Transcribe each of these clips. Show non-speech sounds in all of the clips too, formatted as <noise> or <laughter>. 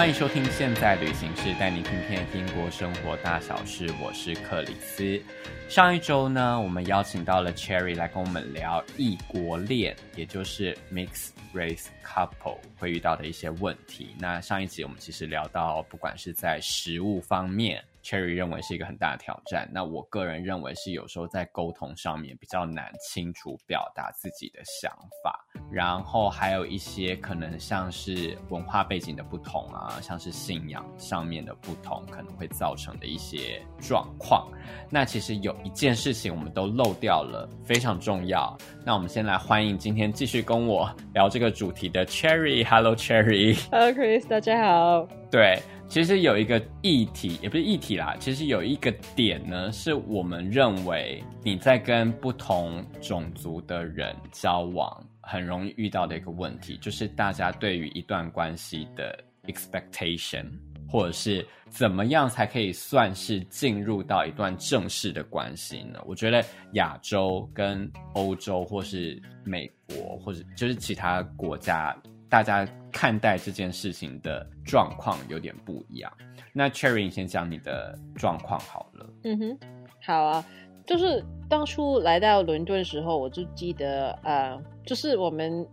歡迎收聽《現在旅行》，是帶你聽片英國生活大小事。我是克里斯。上一周呢，我們邀請到了 Cherry 來跟我們聊異國戀，也就是 mixed race couple 會遇到的一些問題。那上一集我們其實聊到，不管是在食物方面。Cherry 認為是一個很大的挑戰。那我個人認為是有時候在溝通上面比較難清楚表達自己的想法，然後還有一些可能像是文化背景的不同啊，像是信仰上面的不同，可能會造成的一些狀況。那其實有一件事情我們都漏掉了，非常重要。那我們先來歡迎今天繼續跟我聊這個主題的 Cherry。Hello, Cherry。Hello, Chris。大家好。對。其實有一個議題，也不是議題啦。其實有一個點呢，是我們認為你在跟不同種族的人交往，很容易遇到的一個問題，就是大家對於一段關係的 expectation，或者是怎麼樣才可以算是進入到一段正式的關係呢？我覺得亞洲跟歐洲，或是美國，或者就是其他國家。大家看待這件事情的狀況有點不一樣。那 Cherry，先講你的狀況好了。嗯哼，好啊。就是當初來到倫敦的時候，我就記得，呃，就是我們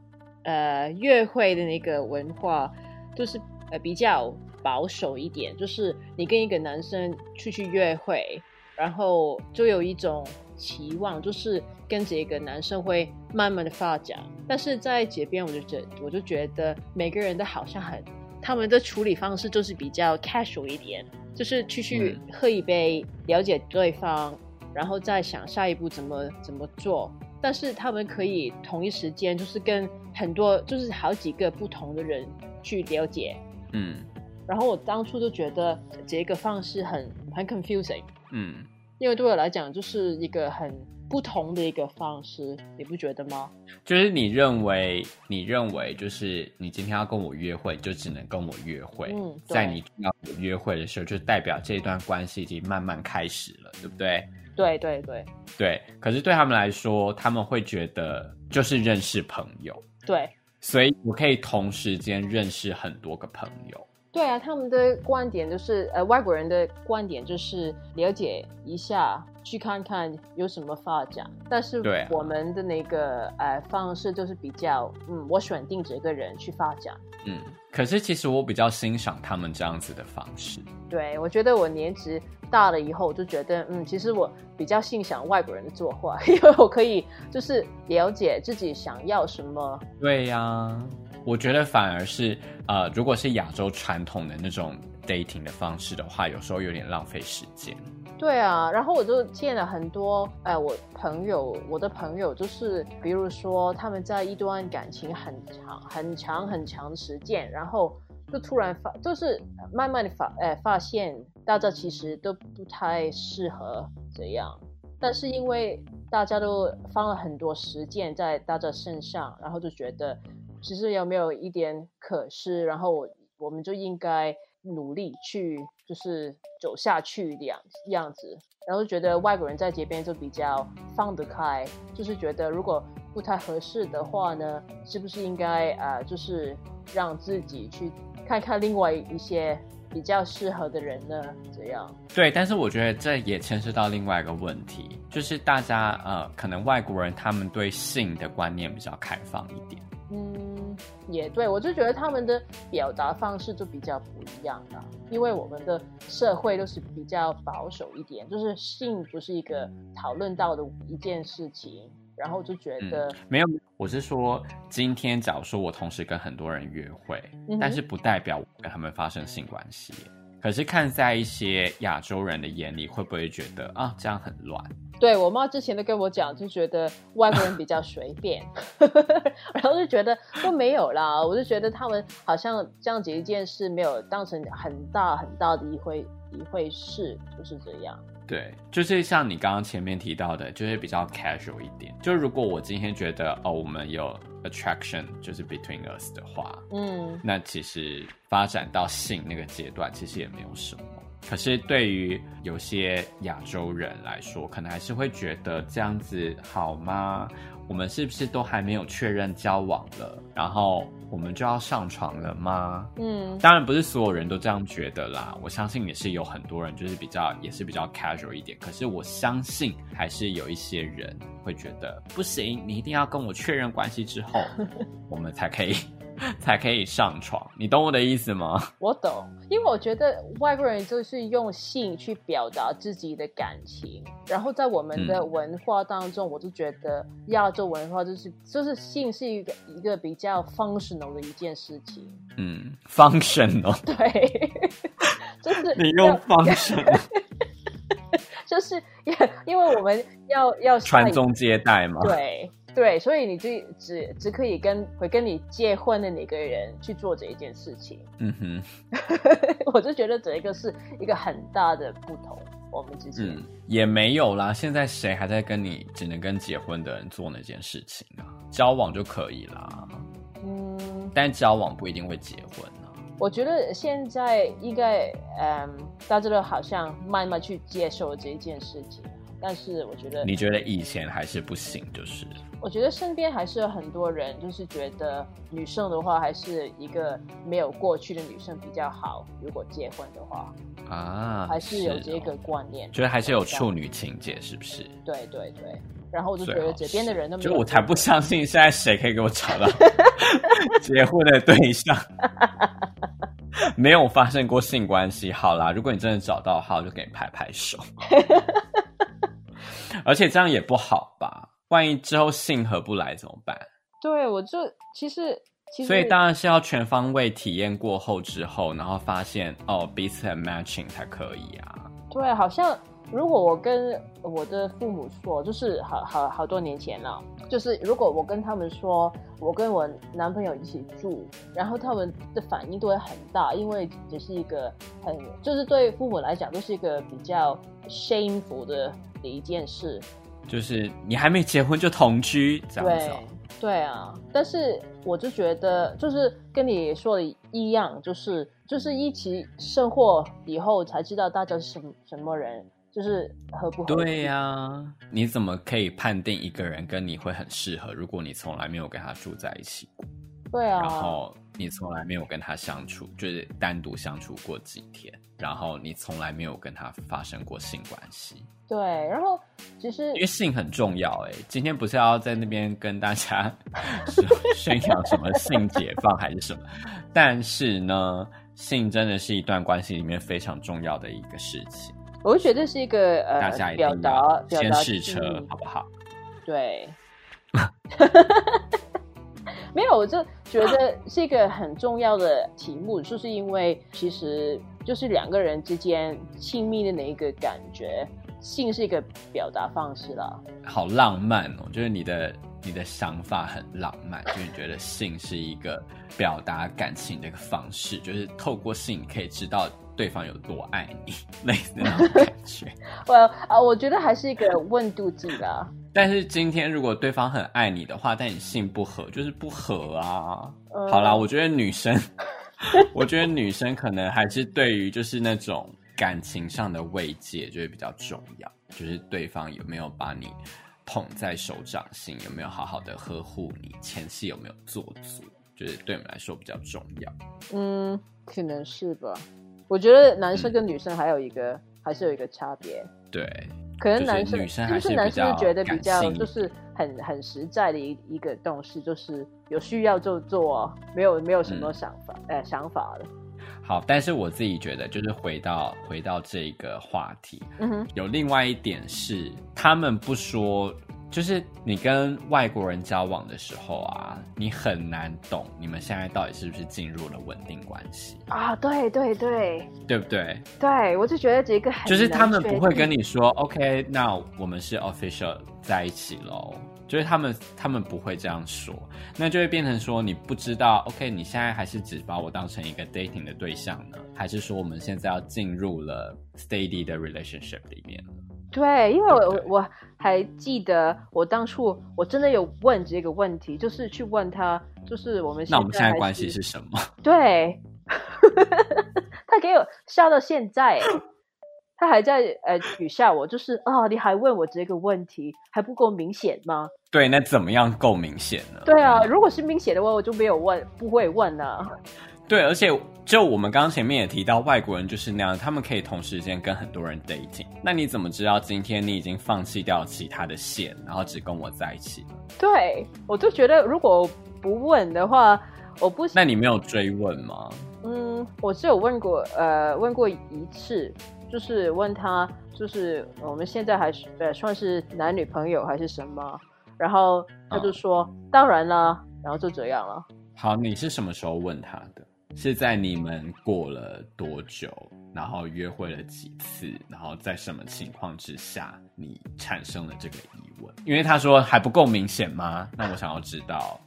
呃約會的那個文化，就是呃比較保守一點，就是你跟一個男生出去約會，然後就有一種。期望，就是跟這個男生會慢慢的發展，但是在這邊我就覺我就覺得每個人的好像很，他們的處理方式就是比較 casual 一點，就是去去喝一杯了解對方，嗯、然後再想下一步怎麼怎麼做。但是他們可以同一時間就是跟很多就是好幾個不同的人去了解，嗯。然後我當初就覺得這個方式很很 confusing，嗯。因為對我來講，就是一個很不同的一個方式，你不覺得嗎？就是你認為，你認為，就是你今天要跟我約會，就只能跟我約會。嗯，在你要約會的時候，就代表這段關係已經慢慢開始了，對不對？對對對對。可是對他們來說，他們會覺得就是認識朋友。對，所以我可以同時間認識很多個朋友。對啊，他們的觀點就是，呃，外國人的觀點就是了解一下，去看看有什麼發展。但是我們的那個，對啊、呃，方式就是比較，嗯，我選定這個人去發展。嗯，可是其實我比較欣賞他們這樣子的方式。對，我覺得我年紀大了以後，我就覺得，嗯，其實我比較欣賞外國人的作畫，因為我可以就是了解自己想要什麼。對呀、啊。我覺得反而是，呃，如果是亞洲傳統的那種 dating 的方式的話，有時候有點浪費時間。對啊，然後我就見了很多、哎，我朋友，我的朋友就是，比如說他們在一段感情很長、很長、很長的時間，然後就突然發，就是慢慢的發，哎、呃，發現大家其實都不太適合這樣，但是因為大家都放了很多時間在大家身上，然後就覺得。只是有沒有一點可惜？然後我我們就應該努力去，就是走下去的樣樣子。然後覺得外國人在這邊就比較放得開，就是覺得如果不太合適的話呢，是不是應該啊、呃，就是讓自己去看看另外一些比較適合的人呢？這樣。對，但是我覺得這也牽涉到另外一個問題，就是大家呃，可能外國人他們對性的觀念比較開放一點。也對，我就覺得他們的表達方式就比較不一樣了，因為我們的社會都是比較保守一點，就是性不是一個討論到的一件事情，然後就覺得，嗯，沒有，我是說今天假如說我同時跟很多人約會，嗯哼，但是不代表我跟他們發生性關係。可是看在一些亞洲人的眼裡，會不會覺得啊，這樣很亂？對，我媽之前都跟我講，就覺得外國人比較隨便， <laughs> <laughs> 然後就覺得都沒有啦，我就覺得他們好像這樣子一件事沒有當成很大很大的一回一回事，就是這樣。對，就是像你剛剛前面提到的，就是比較 casual 一點。就如果我今天覺得哦，我們有。Attraction 就是 between us 的話，嗯，那其實發展到性那個階段，其實也沒有什麼。可是對於有些亞洲人來說，可能還是會覺得這樣子好嗎？我們是不是都還沒有確認交往了？然後。我們就要上床了嗎？嗯，當然不是所有人都這樣覺得啦。我相信也是有很多人就是比較也是比較 casual 一點，可是我相信還是有一些人會覺得不行，你一定要跟我確認關係之後， <laughs> 我們才可以。 <laughs> 才可以上床，你懂我的意思嗎？我懂，因為我覺得外國人就是用性去表達自己的感情，然後在我們的文化當中，嗯，我就覺得亞洲文化就是，就是性是一個一個比較 functional 的一件事情。嗯，functional。Fun 對， <laughs> 就是你用 function 就是因為我們要要傳宗接代嘛。對。對，所以你就只只可以跟會跟你結婚的那個人去做這一件事情。嗯哼， <laughs> 我就覺得這一個是一個很大的不同，我們之間、嗯、也沒有啦。現在誰還在跟你只能跟結婚的人做那件事情啊？交往就可以啦。嗯，但交往不一定會結婚啊。我覺得現在應該，嗯、呃，大家都好像慢慢去接受這一件事情。但是我覺得，你覺得以前還是不行，就是、嗯、我覺得身邊還是有很多人，就是覺得女生的話還是一個沒有過去的女生比較好。如果結婚的話啊，還是有這個觀念，哦、吧覺得還是有處女情結，是不是、嗯？對對對。然後我就覺得這邊的人都是，就我才不相信現在誰可以給我找到 <laughs> <laughs> 結婚的對象， <laughs> 沒有發生過性關係。好啦，如果你真的找到的話，我就給你拍拍手。 <laughs> 而且這樣也不好吧？萬一之後性合不來怎麼辦？對我就其實，其實所以當然是要全方位體驗過後之後，然後發現哦，彼此很 matching 才可以啊。對，好像。如果我跟我的父母說，就是好好好多年前了，就是如果我跟他們說，我跟我男朋友一起住，然後他們的反應都會很大，因為這是一個很，就是對父母來講，都是一個比較 shameful 的一件事，就是你還沒結婚就同居，這樣子哦。對，對啊，但是我就覺得，就是跟你說的一樣，就是就是一起生活以後才知道大家是什麼什麼人。就是合不合？對呀，你怎麼可以判定一個人跟你會很適合？如果你從來沒有跟他住在一起過，對啊，然後你從來沒有跟他相處，就是單獨相處過幾天，然後你從來沒有跟他發生過性關係，對。然後其實因為性很重要，哎，今天不是要在那邊跟大家宣揚 <laughs> 什麼性解放還是什麼？但是呢，性真的是一段關係裡面非常重要的一個事情。我就覺得是一個大家一呃、表達，表達先試車好不好？對， <laughs> <laughs> 沒有，我就覺得是一個很重要的題目，就是因為其實就是兩個人之間親密的那一個感覺，性是一個表達方式啦，好浪漫哦！我覺得你的你的想法很浪漫，就是你覺得性是一個表達感情的一個方式，就是透過性你可以知道。對方有多愛你，類似的那種感覺。我、 <laughs> well, 啊，我覺得還是一個溫度計的。啊。 <laughs> 但是今天，如果對方很愛你的話，但你性不合，就是不合啊。嗯、好啦，我覺得女生， <laughs> 我覺得女生可能還是對於就是那種感情上的慰藉，就會比較重要。就是對方有沒有把你捧在手掌心，有沒有好好的呵護你，前戲有沒有做足，就是對我們來說比較重要。嗯，可能是吧。我覺得男生跟女生還有一個、嗯、還是有一個差別，對，可能男生是女生還是，比較就是男生覺得比較就是很很實在的一一個東西，就是有需要就做，沒有沒有什麼想法哎、嗯欸、想法了。好，但是我自己覺得就是回到回到這個話題，嗯哼，有另外一點是他們不說。就是你跟外國人交往的時候啊，你很難懂你們現在到底是不是進入了穩定關係啊，oh，對對對，對不對？對，我就覺得這個就是他們不會跟你說對，OK，那我們是 official 在一起嘍？就是他們他們不會這樣說，那就會變成說你不知道，OK，你現在還是只把我當成一個 dating 的對象呢，還是說我們現在要進入了 steady 的 relationship 裡面？對，因為我我還記得我當初我真的有問這個問題，就是去問他，就是我們是。那我們現在的關係是什麼？對， <laughs> 他給我笑到現在，他還在呃取笑我，就是啊、哦，你還問我這個問題，還不夠明顯嗎？對，那怎麼樣夠明顯呢？對啊，如果是明顯的話，我就沒有問，不會問呢、啊。對，而且我。就我們剛前面也提到，外國人就是那樣，他們可以同時間跟很多人 dating。那你怎麼知道今天你已經放棄掉其他的線，然後只跟我在一起？對，我就覺得如果不問的話，我不……那你沒有追問嗎？嗯，我只有問過，呃，問過一次，就是問他，就是我們現在還是呃算是男女朋友還是什麼？然後他就說、嗯、當然了，然後就這樣了。好，你是什麼時候問他的？是在你們過了多久，然後約會了幾次，然後在什麼情況之下，你產生了這個疑問？因為他說還不夠明顯嗎？那我想要知道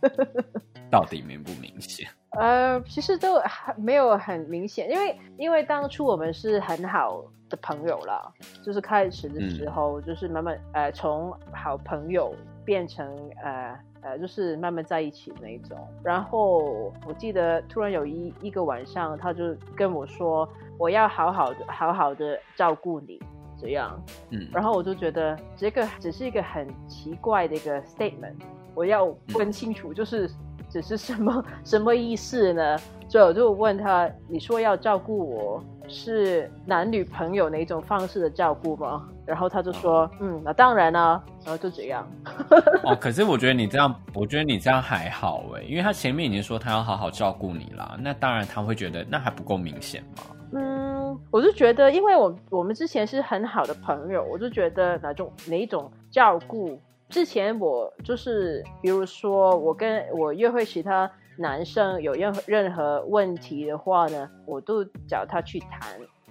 到底明不明顯？ <laughs> 呃，其實都還沒有很明顯，因為因為當初我們是很好的朋友了，就是開始的時候，嗯、就是慢慢呃，從好朋友變成呃。就是慢慢在一起那一種，然後我記得突然有一一個晚上，他就跟我說，我要好好的、好好的照顧你，這樣。嗯，然後我就覺得這個只是一個很奇怪的一個 statement，我要分清楚，就是只、嗯、是什麼什麼意思呢？所以我就問他，你說要照顧我？是男女朋友哪一種方式的照顧嗎？然後他就說，嗯，嗯，那當然啊，然後就這樣。 <laughs> 哦，可是我覺得你這樣，我覺得你這樣還好哎，因為他前面已經說他要好好照顧你了，那當然他會覺得那還不夠明顯嗎？嗯，我就覺得，因為我我們之前是很好的朋友，我就覺得哪種哪種照顧，之前我就是比如說我跟我約會其他。男生有任何任何問題的話呢，我都找他去談。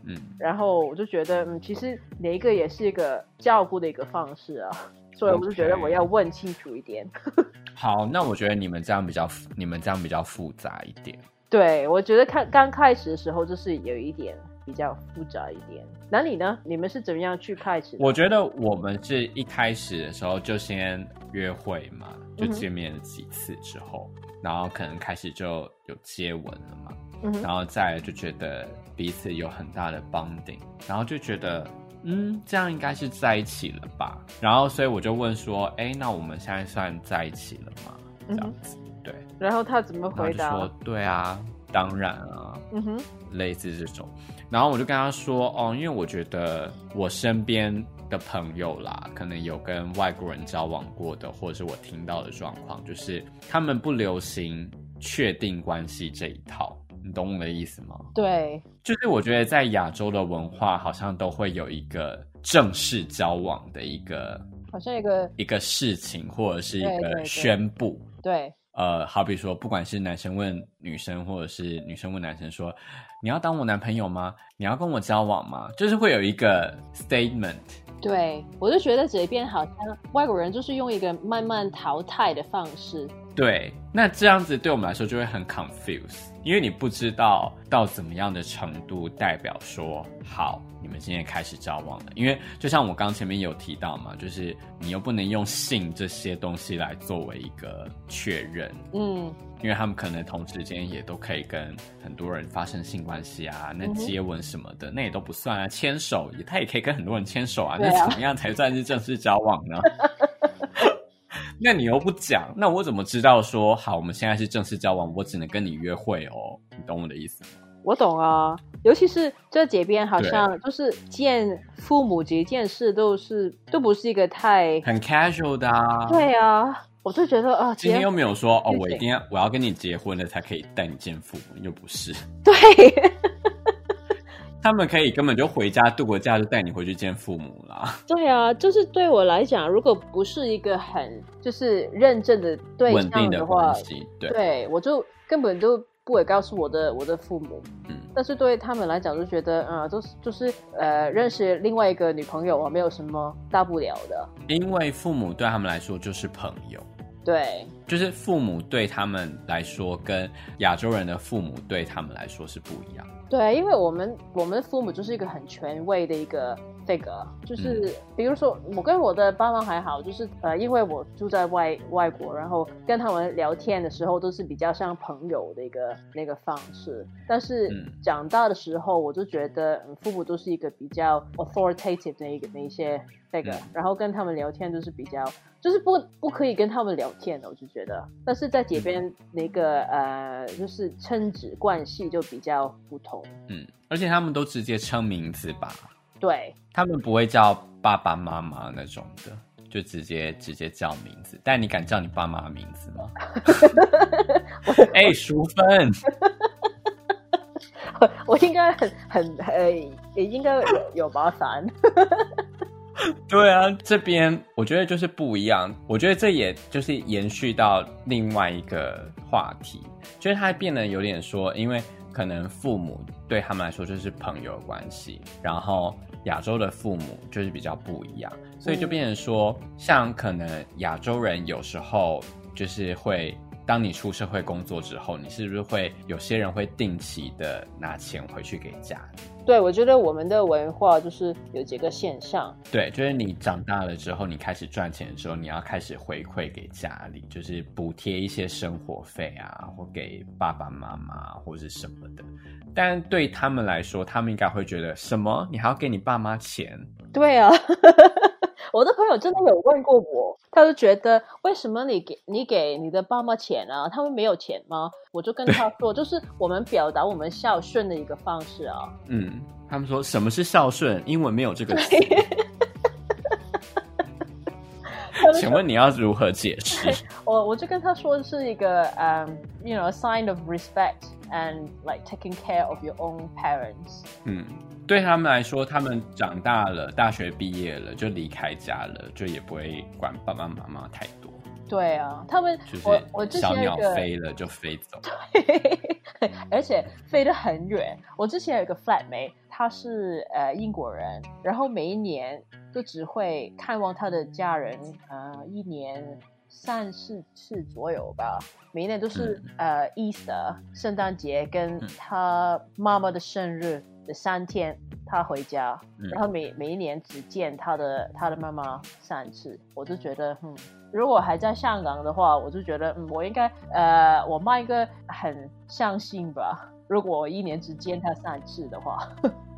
嗯，然後我就覺得，嗯，其實哪一個也是一個照顧的一個方式啊。Okay 所以我就覺得我要問清楚一點。 <laughs> 好，那我覺得你們這樣比較，你們這樣比較複雜一點。對，我覺得看剛開始的時候就是有一點。比較複雜一點，那你呢？你們是怎麼樣去開始的？我覺得我們是一開始的時候就先約會嘛，嗯、哼就見面了幾次之後，然後可能開始就有接吻了嘛，嗯、哼然後再就覺得彼此有很大的 bonding，然後就覺得嗯，這樣應該是在一起了吧？然後所以我就問說，哎、欸，那我們現在算在一起了嗎？這樣子，對。嗯、然後他怎麼回答？就說對啊，當然啊。嗯哼。類似這種，然後我就跟他說：“哦，因為我覺得我身邊的朋友啦，可能有跟外國人交往過的，或者是我聽到的狀況，就是他們不流行確定關係這一套，你懂我的意思嗎？”對，就是我覺得在亞洲的文化，好像都會有一個正式交往的一個，好像一個一個事情，或者是一個宣布。對，對，對。對。呃，好比說，不管是男生問女生，或者是女生問男生說，說你要當我男朋友嗎？你要跟我交往嗎？就是會有一個 statement。對，我就覺得這邊好像外國人就是用一個慢慢淘汰的方式。對，那這樣子對我們來說就會很 confuse，因為你不知道到怎麼樣的程度代表說好，你們現在開始交往了。因為就像我剛剛前面有提到嘛，就是你又不能用性這些東西來作為一個確認，嗯，因為他們可能同時間也都可以跟很多人發生性關係啊，那接吻什麼的、嗯、那也都不算啊，牽手他也可以跟很多人牽手啊，那怎麼樣才算是正式交往呢？嗯 <laughs> 那你又不講，那我怎麼知道說好？我們現在是正式交往，我只能跟你約會哦。你懂我的意思嗎？我懂啊，尤其是這幾邊好像就是見父母，幾件事都是都不是一個太很 casual 的啊。對啊，我就覺得啊，今天又沒有說節哦，我一定要我要跟你結婚了才可以帶你見父母，又不是對。 <laughs> 他們可以根本就回家度過假，就帶你回去見父母啦。對啊，就是對我來講，如果不是一個很就是認真的對象的話，穩定的關係，對，我就根本就不會告訴我的我的父母。嗯，但是對他們來講，就覺得啊、嗯，就是就是呃，認識另外一個女朋友啊，沒有什麼大不了的。因為父母對他們來說就是朋友。對，就是父母對他們來說，跟亞洲人的父母對他們來說是不一樣。對，因為我們我們的父母就是一個很權威的一個。這個就是，嗯、比如說我跟我的爸媽還好，就是呃，因為我住在外外國，然後跟他們聊天的時候都是比較像朋友的一個那個方式。但是長大的時候，我就覺得、嗯嗯、父母都是一個比較 authoritative 的一個那一些那、這個，嗯、然後跟他們聊天都是比較，就是不不可以跟他們聊天的，我就覺得。但是在這邊那個、嗯、呃，就是親子關係就比較不同，嗯，而且他們都直接稱名字吧。對，他們不會叫爸爸媽媽那種的，就直接直接叫名字。但你敢叫你爸媽名字嗎？哎，淑芬，我應該很很呃，也應該有把傘。 <laughs> 對啊，這邊我覺得就是不一樣。我覺得這也就是延續到另外一個話題，就是它變得有點說，因為。可能父母對他們來說就是朋友關係，然後亞洲的父母就是比較不一樣，所以就變成說，像可能亞洲人有時候就是會。當你出社會工作之後，你是不是會有些人會定期的拿錢回去給家裡？對，我覺得我們的文化就是有這個現象。對，就是你長大了之後，你開始賺錢的時候，你要開始回饋給家裡，就是補貼一些生活費啊，或給爸爸媽媽或是什麼的。但對他們來說，他們應該會覺得什麼？你還要給你爸媽錢？對啊。 <laughs> 我的朋友真的有問過我，他就覺得為什麼你給你給你的爸媽錢啊？他們沒有錢嗎？我就跟他說，對就是我們表達我們孝順的一個方式啊。嗯，他們說什麼是孝順？英文沒有這個詞。請對 <laughs> 說問你要如何解釋？我我就跟他說是一個，嗯，um，you know, a sign of respect and like taking care of your own parents。嗯。對他們來說，他們長大了，大學畢業了，就離開家了，就也不會管爸爸媽媽太多。對啊，他們我我。我小鳥飛了就飛走了，對，而且飛得很遠。我之前有一個 flatmate，她是呃英國人，然後每一年都只會看望他的家人，呃，一年三四次左右吧。每一年都是、嗯、呃 Easter 聖誕節跟他媽媽的生日。嗯三天他回家，嗯、然後每每一年只見他的他的媽媽三次，我就覺得，嗯，如果還在香港的話，我就覺得，嗯，我應該，呃，我媽應該很相信吧，如果我一年只見他三次的話。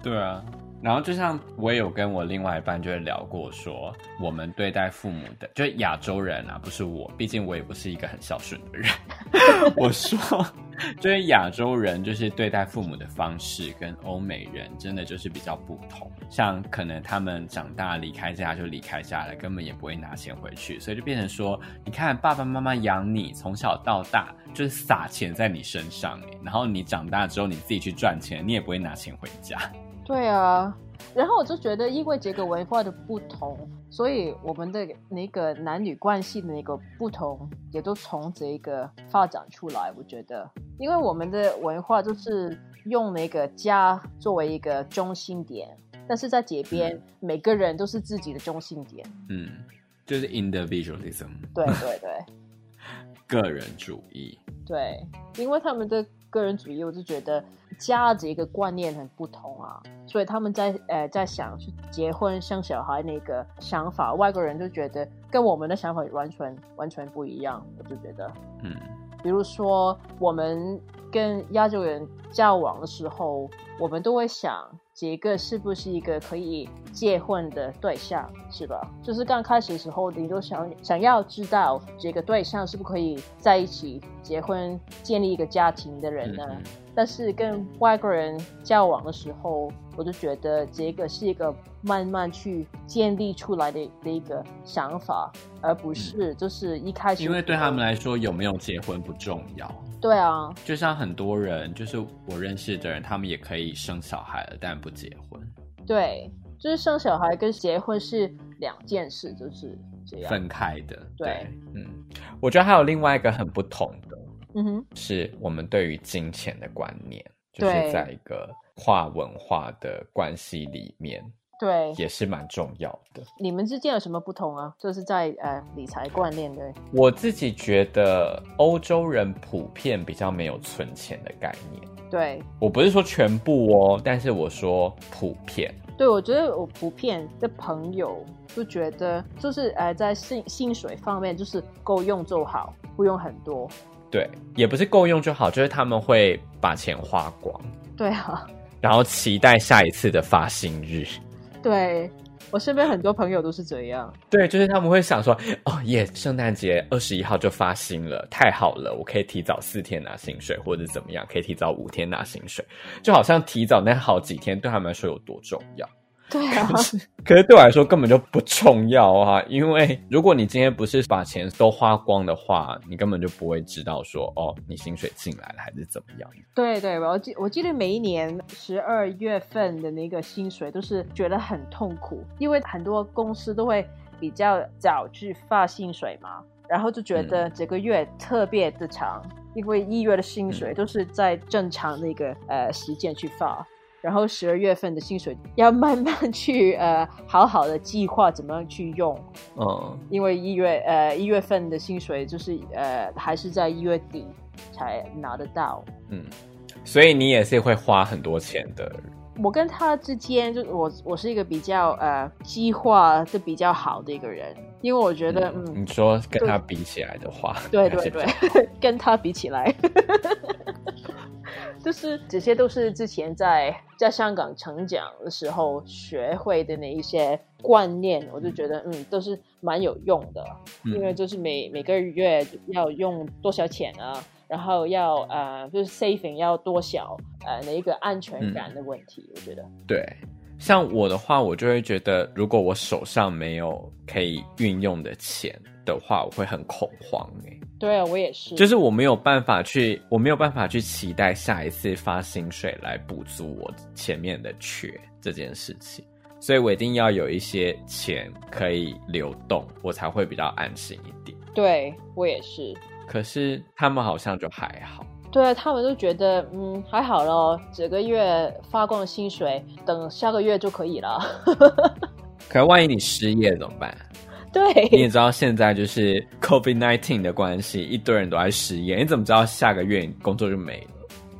對啊。然後，就像我也有跟我另外一半就聊過，說我們對待父母的，就亞洲人啊，不是我，畢竟我也不是一個很孝順的人。 <laughs> 我說，就是亞洲人，就是對待父母的方式跟歐美人真的就是比較不同。像可能他們長大離開家就離開家了，根本也不會拿錢回去，所以就變成說，你看爸爸媽媽養你從小到大就是撒錢在你身上，然後你長大之後你自己去賺錢，你也不會拿錢回家。對啊，然後我就覺得，因為這個文化的不同，所以我們的那個男女關係的那個不同，也都從這個發展出來。我覺得，因為我們的文化就是用那個家作為一個中心點，但是在這邊，每個人都是自己的中心點。嗯，就是 individualism。 <laughs> 對對對，個人主義。對，因為他們的。個人主義，我就覺得家這個觀念很不同啊，所以他們在誒、呃、在想去結婚生小孩那個想法，外國人就覺得跟我們的想法完全完全不一樣，我就覺得，嗯，比如說我們。跟亞洲人交往的時候，我們都會想，這個是不是一個可以結婚的對象，是吧？就是剛開始的時候，你都想想要知道這個對象是不是可以在一起結婚、建立一個家庭的人呢、啊？嗯嗯。但是跟外國人交往的時候，我就覺得這個是一個慢慢去建立出來的的一個想法，而不是就是一開始，因為對他們來說，有沒有結婚不重要。對啊，就像很多人，就是我認識的人，他們也可以生小孩了，但不結婚。對，就是生小孩跟結婚是兩件事，就是這樣分開的。對，對，嗯，我覺得還有另外一個很不同的，嗯哼，是我們對於金錢的觀念，就是在一個跨文化的關係裡面。對，也是蠻重要的。你們之間有什麼不同啊？就是在呃，理財觀念，對。我自己覺得歐洲人普遍比較沒有存錢的概念。對，我不是說全部哦，但是我說普遍。對，我覺得我普遍的朋友就覺得就是呃在薪薪水方面就是夠用就好，不用很多。對，也不是夠用就好，就是他們會把錢花光。對啊。然後期待下一次的發薪日。對，我身邊很多朋友都是這樣，對，就是他們會想說，哦耶，yeah, 聖誕節二十一號就發薪了，太好了，我可以提早四天拿薪水，或者怎麼樣，可以提早五天拿薪水，就好像提早那好幾天對他們來說有多重要。對啊，可是，可是對我來說根本就不重要啊，因為如果你今天不是把錢都花光的話，你根本就不會知道說哦，你薪水進來了還是怎麼樣。對對，我記我記得每一年十二月份的那個薪水都是覺得很痛苦，因為很多公司都會比較早去發薪水嘛，然後就覺得這個月特別的長，因為一月的薪水都是在正常的一個呃時間去發。然後十二月份的薪水要慢慢去呃，好好的計劃怎麼樣去用，嗯、哦，因為一月呃一月份的薪水就是呃還是在一月底才拿得到，嗯，所以你也是會花很多錢的。我跟他之間就我我是一個比較呃計劃的比較好的一個人。因為我覺得，嗯，嗯，你說跟他比起來的話，對，對對對，跟他比起來， <laughs> 就是這些都是之前在在香港成長的時候學會的那一些觀念，嗯、我就覺得，嗯，都是蠻有用的。嗯、因為就是每每個月要用多少錢啊，然後要呃，就是 saving 要多少，呃，那一個安全感的問題，嗯、我覺得對。像我的話，我就會覺得，如果我手上沒有可以運用的錢的話，我會很恐慌誒。對啊，我也是，就是我沒有辦法去，我沒有辦法去期待下一次發薪水來補足我前面的缺這件事情，所以我一定要有一些錢可以流動，我才會比較安心一點。對我也是，可是他們好像就還好。對啊，他們都覺得嗯還好咯。這個月發光的薪水，等下個月就可以了。 <laughs> 可萬一你失業了怎麼辦？對，你也知道現在就是 COVID nineteen 的關係，一堆人都在失業。你怎麼知道下個月你工作就沒了？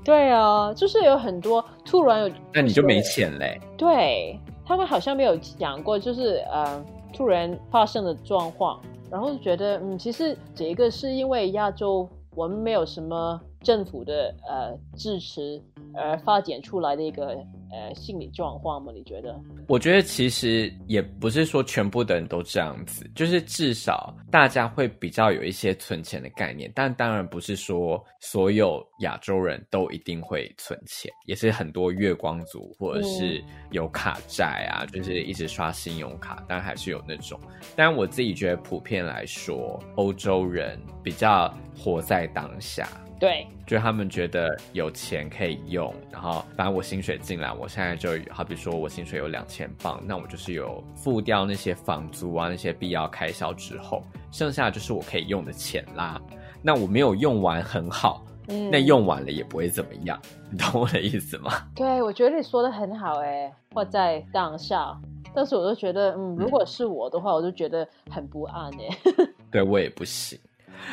對啊、哦，就是有很多突然有，那你就沒錢嘞。對，他們好像沒有講過，就是嗯、呃，突然發生的狀況，然後就覺得嗯其實這個是因為亞洲我們沒有什麼，政府的呃支持，而發展出來的一個呃心理狀況嗎？你覺得？我覺得其實也不是說全部的人都這樣子，就是至少大家會比較有一些存錢的概念，但當然不是說所有亞洲人都一定會存錢，也是很多月光族或者是有卡債啊，嗯、就是一直刷信用卡，但還是有那種。但我自己覺得，普遍來說，歐洲人比較活在當下。對，就他們覺得有錢可以用，然後反正，我薪水進來，我現在就好比說，我薪水有兩千磅，那我就是有付掉那些房租啊，那些必要開銷之後，剩下就是我可以用的錢啦。那我沒有用完很好，嗯、那用完了也不會怎麼樣，你懂我的意思嗎？對，我覺得你說得很好哎、欸，或在當下，但是我就覺得，嗯，嗯如果是我的話，我就覺得很不安哎、欸。 <laughs> 對，我也不行。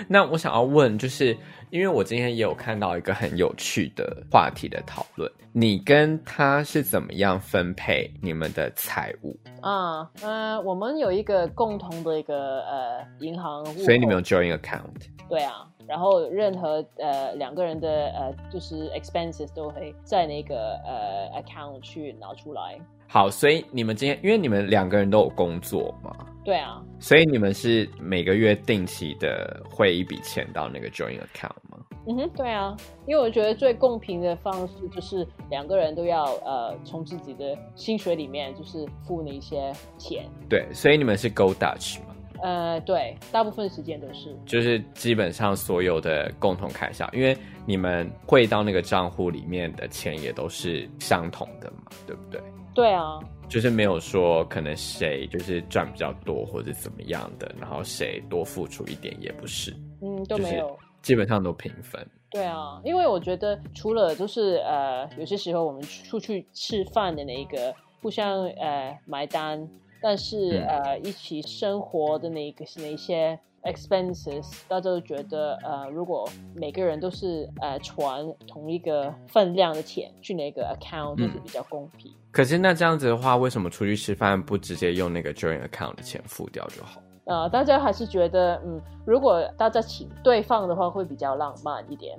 那我想要問，就是因為我今天也有看到一個很有趣的話題的討論，你跟他是怎麼樣分配你們的財務？啊、嗯，嗯、呃，我們有一個共同的一個呃銀行，所以你們有 joint account？對啊，然後任何呃兩個人的呃就是 expenses 都會在那個呃 account 去拿出來。好，所以你們今天，因為你們兩個人都有工作嘛，對啊，所以你們是每個月定期的匯一筆錢到那個 joint account 嗎？嗯哼，對啊，因為我覺得最公平的方式就是兩個人都要呃從自己的薪水裡面就是付那些錢。對，所以你們是 go Dutch 嗎？呃，對，大部分時間都是，就是基本上所有的共同開銷，因為你們匯到那個賬戶裡面的錢也都是相同的嘛，對不對？對啊，就是沒有說可能誰就是賺比較多或者怎麼樣的，然後誰多付出一點也不是，嗯，都沒有，基本上都平分。對啊，因為我覺得除了就是呃，有些時候我們出去吃飯的那一個互相呃買單，但是、嗯、呃一起生活的那一個那些。Expenses，大家都覺得，呃，如果每個人都是呃存同一個分量的錢去那個 account、嗯、就是比較公平。可是那這樣子的話，為什麼出去吃飯不直接用那個 joint account 的錢付掉就好？呃，大家還是覺得，嗯，如果大家請對方的話，會比較浪漫一點。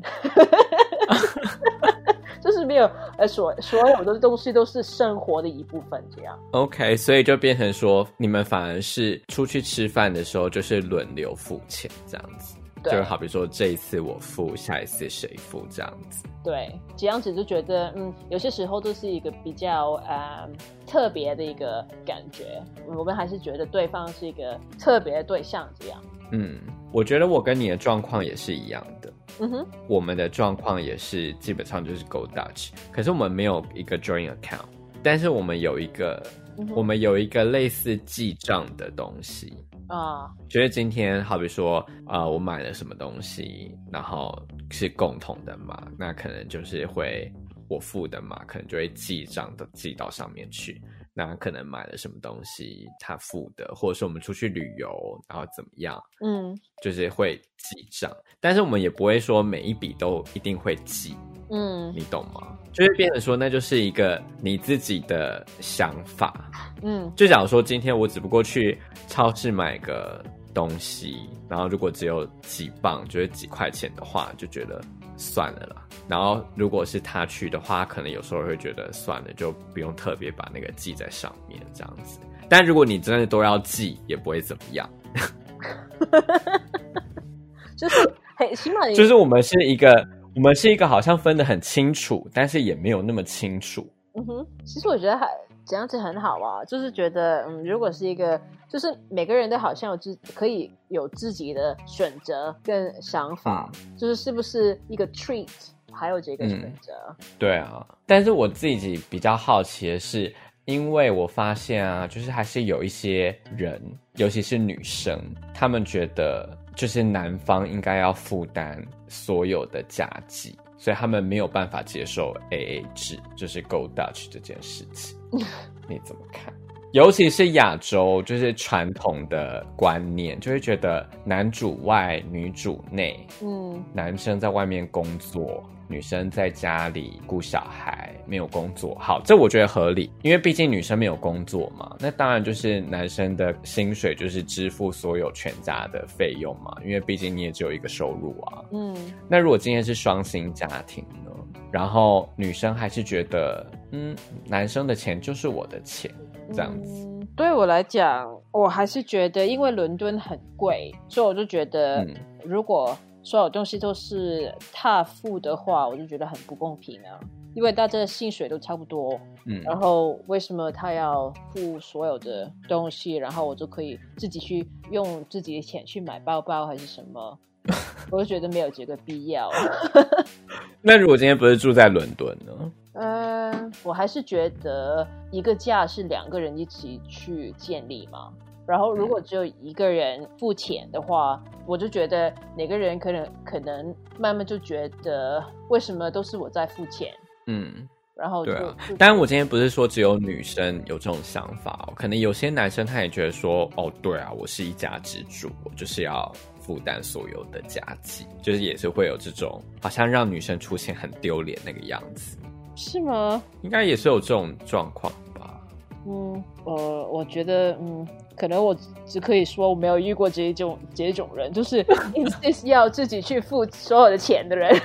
<laughs> <laughs> <laughs> 就是沒有，呃，所所有的東西都是生活的一部分，這樣。OK，所以就變成說，你們反而是出去吃飯的時候，就是輪流付錢這樣子，對就好比說這一次我付，下一次誰付這樣子。對，這樣子就覺得，嗯，有些時候都是一個比較呃特別的一個感覺。我們還是覺得對方是一個特別的對象這樣。嗯，我覺得我跟你的狀況也是一樣的。嗯哼，mm hmm. 我們的狀況也是基本上就是 Go Dutch，可是我們沒有一個 Join Account，但是我們有一個，mm hmm. 我們有一個類似記賬的東西啊，oh. 就是今天好比說啊、呃，我買了什麼東西，然後是共同的嘛，那可能就是會我付的嘛，可能就會記賬的記到上面去。那可能買了什麼東西，他付的，或者是我們出去旅遊，然後怎麼樣，嗯，就是會記賬，但是我們也不會說每一筆都一定會記，嗯，你懂嗎？就是變成說，那就是一個你自己的想法，嗯，就假如說今天我只不過去超市買個東西，然後如果只有幾磅，就是幾塊錢的話，就覺得。算了啦，然後如果是他去的話，可能有時候會覺得算了，就不用特別把那個記在上面這樣子。但如果你真的都要記，也不會怎麼樣。 <laughs> <laughs> 就是很起碼就是我們是一個，我們是一個好像分得很清楚，但是也沒有那麼清楚。嗯哼，其實我覺得還。這樣子很好啊，就是覺得，嗯，如果是一個，就是每個人都好像有自可以有自己的選擇跟想法，啊、就是是不是一個 treat，還有這個選擇、嗯。對啊，但是我自己比較好奇的是，因為我發現啊，就是還是有一些人，尤其是女生，他們覺得就是男方應該要負擔所有的家計，所以他們沒有辦法接受 AA 制，就是 go Dutch 這件事情。 <laughs> 你怎麼看？尤其是亞洲，就是傳統的觀念，就會覺得男主外，女主內。嗯，男生在外面工作，女生在家裡顧小孩，沒有工作。好，這我覺得合理，因為畢竟女生沒有工作嘛，那當然就是男生的薪水就是支付所有全家的費用嘛，因為畢竟你也只有一個收入啊。嗯，那如果今天是雙薪家庭呢？然後女生還是覺得，嗯，男生的錢就是我的錢，這樣子。嗯，對我來講，我還是覺得，因為倫敦很貴，所以我就覺得，如果所有東西都是他付的話，我就覺得很不公平啊。因為大家的薪水都差不多，嗯，然後為什麼他要付所有的東西，然後我就可以自己去用自己的錢去買包包還是什麼？ <laughs> 我就覺得沒有這個必要。 <laughs> 那如果今天不是住在倫敦呢？嗯、呃，我還是覺得一個家是兩個人一起去建立嘛。然後如果只有一個人付錢的話，嗯、我就覺得哪個人可能可能慢慢就覺得為什麼都是我在付錢？嗯，然後就對當、啊、然不我今天不是說只有女生有這種想法、哦、可能有些男生他也覺得說，哦，對啊，我是一家之主，我就是要。負擔所有的家計，就是也是會有這種好像讓女生出錢，很丟臉那個樣子，是嗎？應該也是有這種狀況吧。嗯，我，我覺得，嗯，可能我只可以說我沒有遇過這種這種人，就是就是 <laughs> 要自己去付所有的錢的人，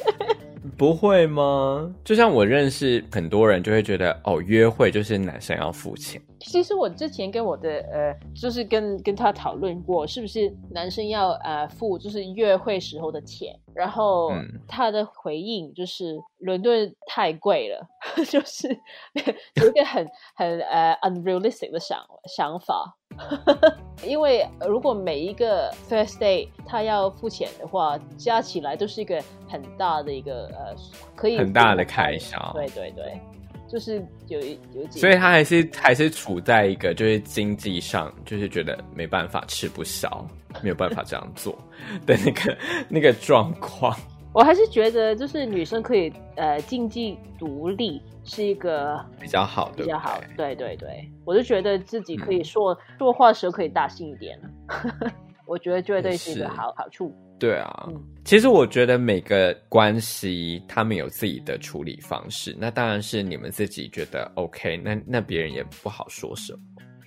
<laughs> 不會嗎？就像我認識很多人，就會覺得哦，約會就是男生要付錢。其實我之前跟我的呃，就是跟跟他討論過，是不是男生要呃付，就是約會時候的錢，然後他的回應就是、嗯、倫敦太貴了，就是有、就是、一個很 <laughs> 很呃、uh, unrealistic 的想想法， <laughs> 因為如果每一個 first day 他要付錢的話，加起來都是一個很大的一個呃可以很大的開銷，對對對。對對對就是有一有幾，所以他還是還是處在一個就是經濟上就是覺得沒辦法吃不消， <laughs> 沒有辦法這樣做的那個那個狀況。我還是覺得就是女生可以呃經濟獨立是一個比較好的，比較好，對對對，我就覺得自己可以說說、嗯、話的時候可以大聲一點。 <laughs> 我覺得這對是一個好是好處。對啊，嗯、其實我覺得每個關係他們有自己的處理方式，那當然是你們自己覺得 OK，那那別人也不好說什麼，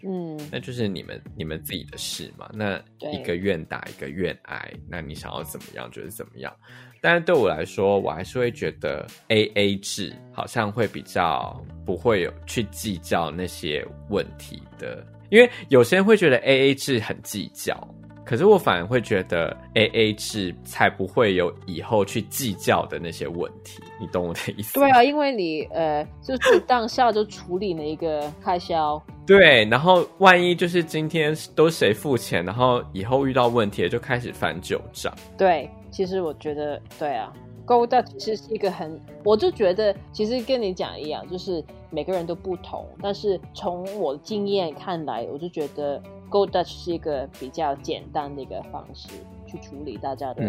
嗯，那就是你們你們自己的事嘛。那一個願打一個願挨，對那你想要怎麼樣就是怎麼樣。但是對我來說，我還是會覺得 AA 制好像會比較不會有去計較那些問題的，因為有些人會覺得 AA 制很計較。可是我反而會覺得 AA 制才不會有以後去計較的那些問題，你懂我的意思？對啊，因為你呃，就是當下就處理了一個開銷。 <laughs> 對，然後萬一就是今天都誰付錢，然後以後遇到問題就開始翻舊賬。對，其實我覺得，對啊，勾搭其實是一個很，我就覺得其實跟你講一樣，就是每個人都不同，但是從我的經驗看來，我就覺得。Go Dutch 是一個比較簡單的一個方式去處理大家的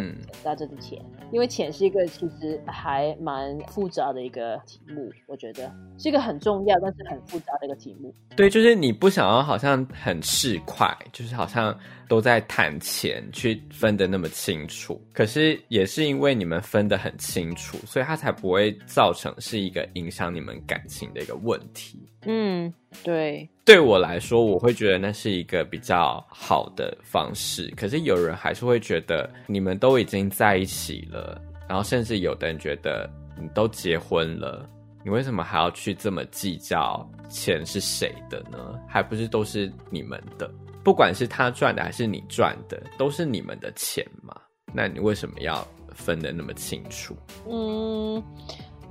大家的錢，嗯、因為錢是一個其實還蠻複雜的一個題目，我覺得是一個很重要但是很複雜的一個題目。對，就是你不想要好像很市儈，就是好像都在談錢去分得那麼清楚，可是也是因為你們分得很清楚，所以它才不會造成是一個影響你們感情的一個問題。嗯，對，對我來說，我會覺得那是一個比較好的方式。可是有人還是會覺得你們都已經在一起了，然後甚至有的人覺得你都結婚了，你為什麼還要去這麼計較錢是誰的呢？還不是都是你們的，不管是他賺的還是你賺的，都是你們的錢嘛？那你為什麼要分得那麼清楚？嗯。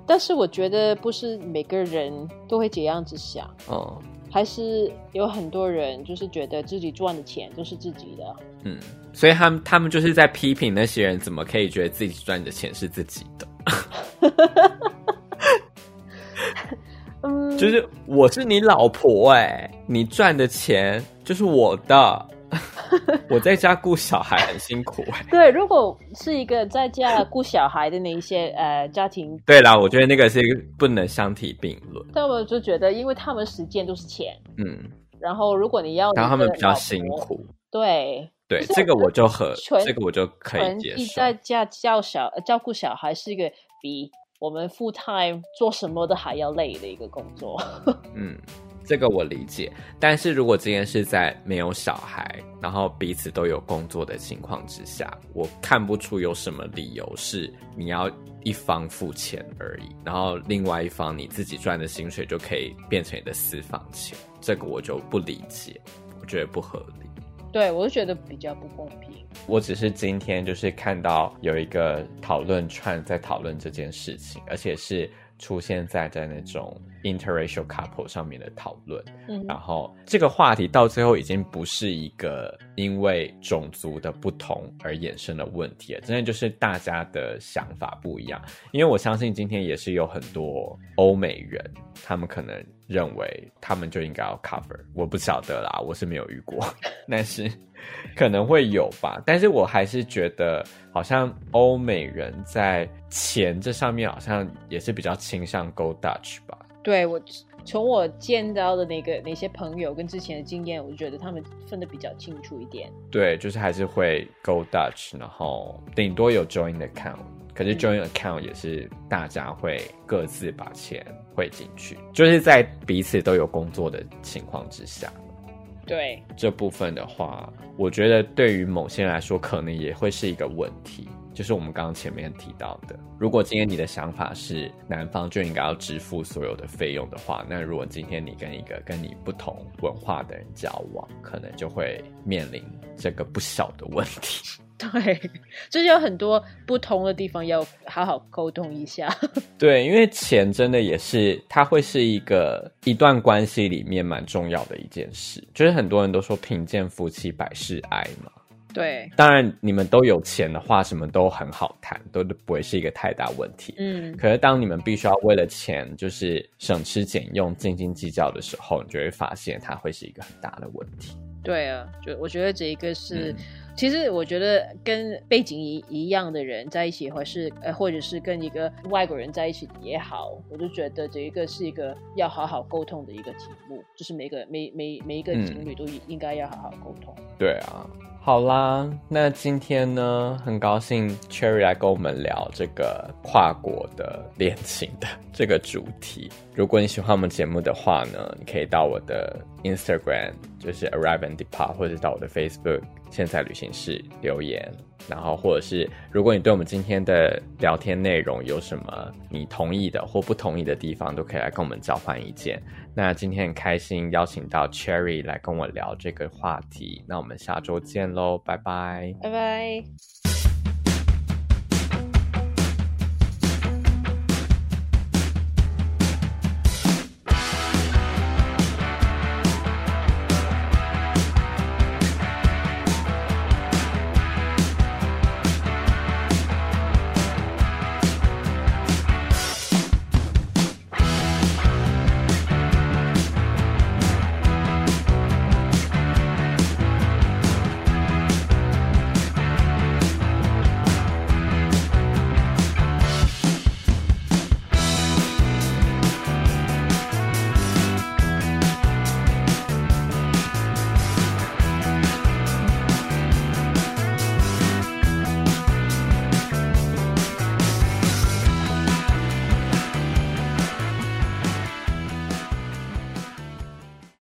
但是我覺得不是每個人都會這樣子想，哦、嗯，還是有很多人就是覺得自己賺的錢都是自己的，嗯，所以他們他們就是在批評那些人怎麼可以覺得自己賺的錢是自己的， <laughs> <laughs> 嗯，就是我是你老婆哎、欸，你賺的錢就是我的。 <laughs> 我在家顧小孩很辛苦、欸。 <laughs> 對，如果是一個在家顧小孩的那一些 <laughs> 呃家庭，對啦，我覺得那個是一個不能相提並論。但我就覺得，因為他們時間都是錢，嗯，然後如果你要，讓他們比較辛苦，對，對、就是，這個我就很，全這個我就可以接受。在家教小照顧小孩是一個比我們 full time 做什麼都還要累的一個工作， <laughs> 嗯。這個我理解，但是如果今天是在沒有小孩，然後彼此都有工作的情況之下，我看不出有什麼理由是你要一方付錢而已，然後另外一方你自己賺的薪水就可以變成你的私房錢，這個我就不理解，我覺得不合理。對，我就覺得比較不公平。我只是今天就是看到有一個討論串在討論這件事情，而且是。出現在在那種 interracial couple 上面的討論，嗯。然後這個話題到最後已經不是一個因為種族的不同而衍生的問題了，真的就是大家的想法不一樣。因為我相信今天也是有很多歐美人，他們可能。認為他們就應該要 cover，我不曉得啦，我是沒有遇過，但是可能會有吧。但是我還是覺得好像歐美人在錢這上面好像也是比較傾向 go Dutch 吧。對，我從我見到的那個那些朋友跟之前的經驗，我就覺得他們分得比較清楚一點。對，就是還是會 go Dutch，然後頂多有 joint account。可是 joint account 也是大家會各自把錢匯進去，就是在彼此都有工作的情況之下，對，這部分的話，我覺得對於某些人來說，可能也會是一個問題。就是我們剛剛前面提到的，如果今天你的想法是男方就應該要支付所有的費用的話，那如果今天你跟一個跟你不同文化的人交往，可能就會面臨這個不小的問題。對，就是有很多不同的地方要好好溝通一下。對，因為錢真的也是，它會是一個一段關係裡面蠻重要的一件事。就是很多人都說貧賤夫妻百事哀嘛。對，當然你們都有錢的話，什麼都很好談，都不會是一個太大問題。嗯，可是當你們必須要為了錢，就是省吃儉用、斤斤計較的時候，你就會發現它會是一個很大的問題。對啊，就我覺得這一個是，嗯、其實我覺得跟背景一一樣的人在一起，或是呃，或者是跟一個外國人在一起也好，我就覺得這一個是一個要好好溝通的一個題目，就是每個每每每一個情侶都應、嗯、應該要好好溝通。對啊。好啦，那今天呢，很高興 Cherry 來跟我們聊這個跨國的戀情的這個主題。如果你喜歡我們節目的話呢，你可以到我的 Instagram 就是 Arrive and Depart，或者到我的 Facebook 現在旅行室留言。然後，或者是如果你對我們今天的聊天內容有什麼你同意的或不同意的地方，都可以來跟我們交換意見。那今天很開心邀請到 Cherry 來跟我聊這個話題。那我們下週見嘍，拜拜，拜拜。